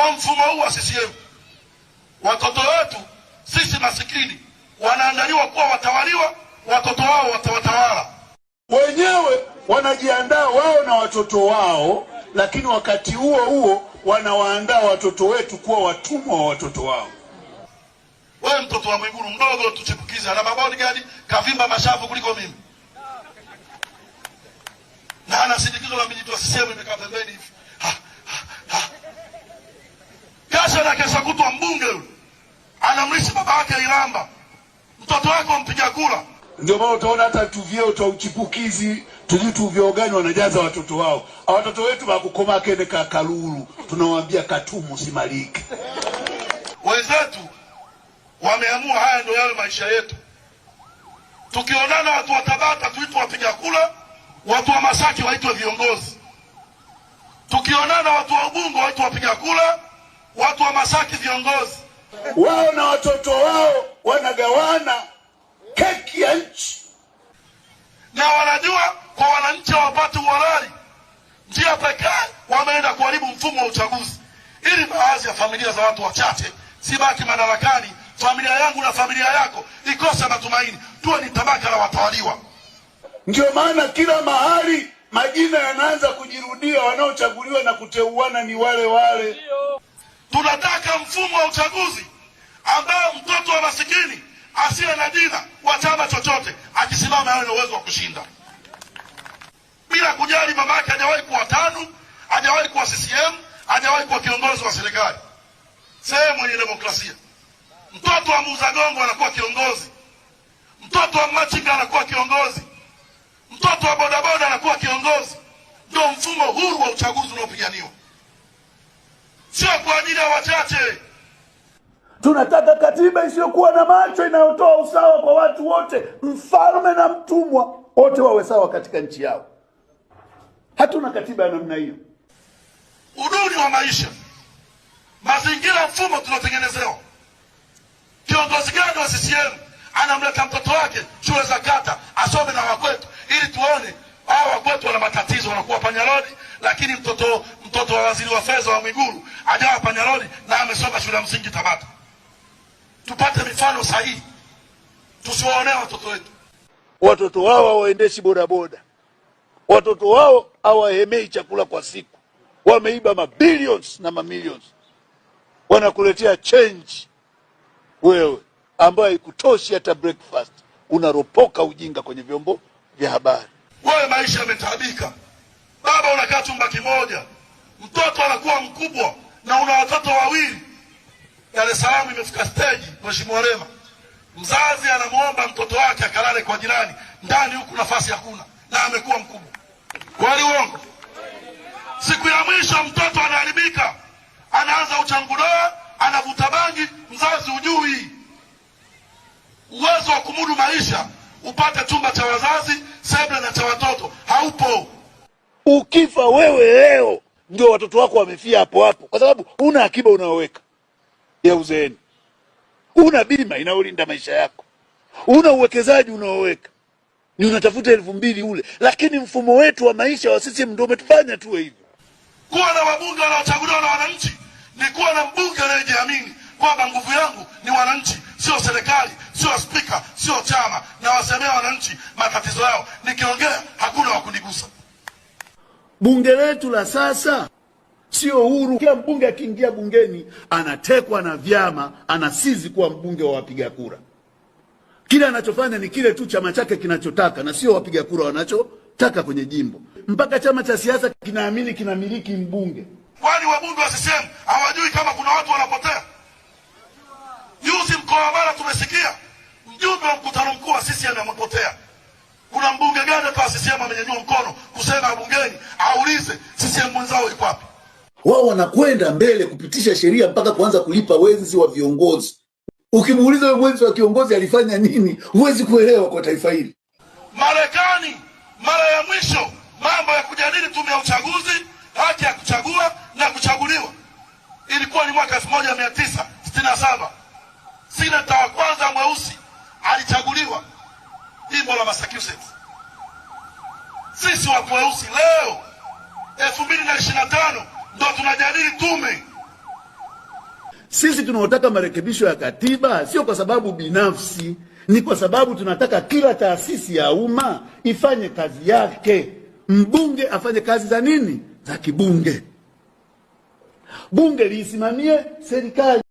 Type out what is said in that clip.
Kwa mfumo huu wa CCM watoto wetu sisi masikini wanaandaliwa kuwa watawaliwa, watoto wao watawatawala wenyewe. Wanajiandaa wao na watoto wao, lakini wakati huo huo wanawaandaa watoto wetu kuwa watumwa wa watoto wao. Wewe mtoto wa Mwigulu mdogo tuchepukize ana mabodi gani? Kavimba mashavu kuliko mimi na ana sindikizo la wa CCM imekaa pembeni hivi tena kesho kutwa mbunge yule anamlisha baba wake Iramba, mtoto wake mpiga kula. Ndio maana utaona hata tuvyeo twa uchipukizi tujui tuvyo gani wanajaza watoto wao. Watoto wetu bakukoma kene ka kalulu, tunawaambia katumu simaliki. Wenzetu wameamua haya ndio yale maisha yetu. Tukionana watu wa Tabata tuitwe wapiga kula, watu wa Masaki waitwe viongozi. Tukionana watu wa Ubungo waitwe wapiga kula watu wa Masaki viongozi wao na watoto wao wanagawana keki ya nchi, na wanajua kwa wananchi wapate uhalali. Njia pekee wameenda kuharibu mfumo wa uchaguzi, ili baadhi ya familia za watu wachache sibaki madarakani, familia yangu na familia yako ikose matumaini, tuwe ni tabaka la watawaliwa. Ndio maana kila mahali majina yanaanza kujirudia, wanaochaguliwa na kuteuana ni wale wale. Tunataka mfumo wa uchaguzi ambao mtoto wa masikini asiye na jina wa chama chochote akisimama awe na uwezo wa kushinda bila kujali mamake hajawahi kuwa TANU, hajawahi kuwa CCM, hajawahi kuwa kiongozi wa serikali. Sehemu yenye demokrasia, mtoto wa muuza gongo anakuwa kiongozi, mtoto wa machinga anakuwa kiongozi, mtoto wa bodaboda anakuwa kiongozi. Ndio mfumo huru wa uchaguzi unaopiganiwa sio kwa ajili ya wachache. Tunataka katiba isiyokuwa na macho inayotoa usawa kwa watu wote, mfalme na mtumwa wote wawe sawa katika nchi yao. Hatuna katiba ya namna hiyo. Uduni wa maisha, mazingira, mfumo tunatengenezewa. Kiongozi gani wa CCM anamleta mtoto wake shule za kata asome na wakwetu, ili tuone hawa wakwetu wana matatizo, wanakuwa panyalodi lakini mtoto mtoto wa waziri wa fedha wa Mwigulu ajawa panyaroli na amesoma shule ya msingi Tabata. Tupate mifano sahihi, tusiwaonee watoto wetu. Watoto wao hawaendeshi bodaboda, watoto wao hawahemei chakula kwa siku. Wameiba mabilions na mamilions, wanakuletea change wewe ambayo haikutoshi hata breakfast. Unaropoka ujinga kwenye vyombo vya habari. Wewe maisha yametaabika, baba, unakaa chumba kimoja mtoto anakuwa mkubwa na una watoto wawili. Dar es Salaam imefika stage, Mheshimiwa Rema, mzazi anamwomba mtoto wake akalale kwa jirani, ndani huku nafasi hakuna, na amekuwa mkubwa. Kweli uongo? Siku ya mwisho mtoto anaharibika, anaanza uchangudoa, anavuta bangi, mzazi hujui uwezo wa kumudu maisha, upate chumba cha wazazi seble na cha watoto haupo. Ukifa wewe leo ndio watoto wako wamefia hapo hapo, kwa sababu una akiba unaoweka ya uzeeni, una bima inayolinda maisha yako, una uwekezaji unaoweka, ni unatafuta elfu mbili ule. Lakini mfumo wetu wa maisha wa CCM ndio umetufanya tuwe hivyo. Kuwa na wabunge wanaochaguliwa na wananchi ni kuwa na mbunge anayejiamini kwamba nguvu yangu ni wananchi, sio serikali, sio spika, sio chama. Nawasemea wananchi matatizo yao, nikiongea hakuna wakunigusa. Bunge letu la sasa sio huru. Kila mbunge akiingia bungeni anatekwa na vyama, anasizi kuwa mbunge wa wapiga kura. Kile anachofanya ni kile tu chama chake kinachotaka na sio wapiga kura wanachotaka kwenye jimbo. Mpaka chama cha siasa kinaamini kinamiliki mbunge. Kwani wabunge wa CCM hawajui kama kuna watu wanapotea? Juzi mkoa wa Bara tumesikia mjumbe wa mkutano mkuu wa CCM amepotea. Kuna mbunge gani kwa CCM amenyanyua mkono kusema bungeni aulize CCM mwenzao yuko wapi? Wao wanakwenda mbele kupitisha sheria mpaka kuanza kulipa wenzi wa viongozi. Ukimuuliza wewe mwenzi wa kiongozi alifanya nini, huwezi kuelewa kwa taifa hili. Marekani mara ya mwisho mambo ya kujadili tume ya uchaguzi, haki ya kuchagua na kuchaguliwa, ilikuwa ni mwaka elfu moja mia tisa watu weusi leo elfu mbili na ishirini na tano ndo tunajadili tume. Sisi tunaotaka marekebisho ya katiba sio kwa sababu binafsi, ni kwa sababu tunataka kila taasisi ya umma ifanye kazi yake. Mbunge afanye kazi za nini? Za kibunge. Bunge liisimamie serikali.